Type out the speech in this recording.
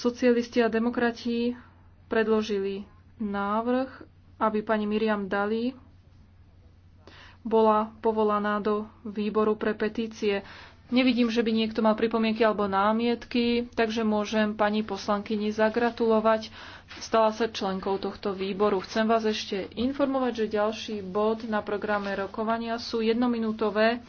Socialisti a demokrati predložili návrh, aby pani Miriam Dali bola povolaná do výboru pre petície. Nevidím, že by niekto mal pripomienky alebo námietky, takže môžem pani poslankyni zagratulovať. Stala sa členkou tohto výboru. Chcem vás ešte informovať, že ďalší bod na programe rokovania sú jednominútové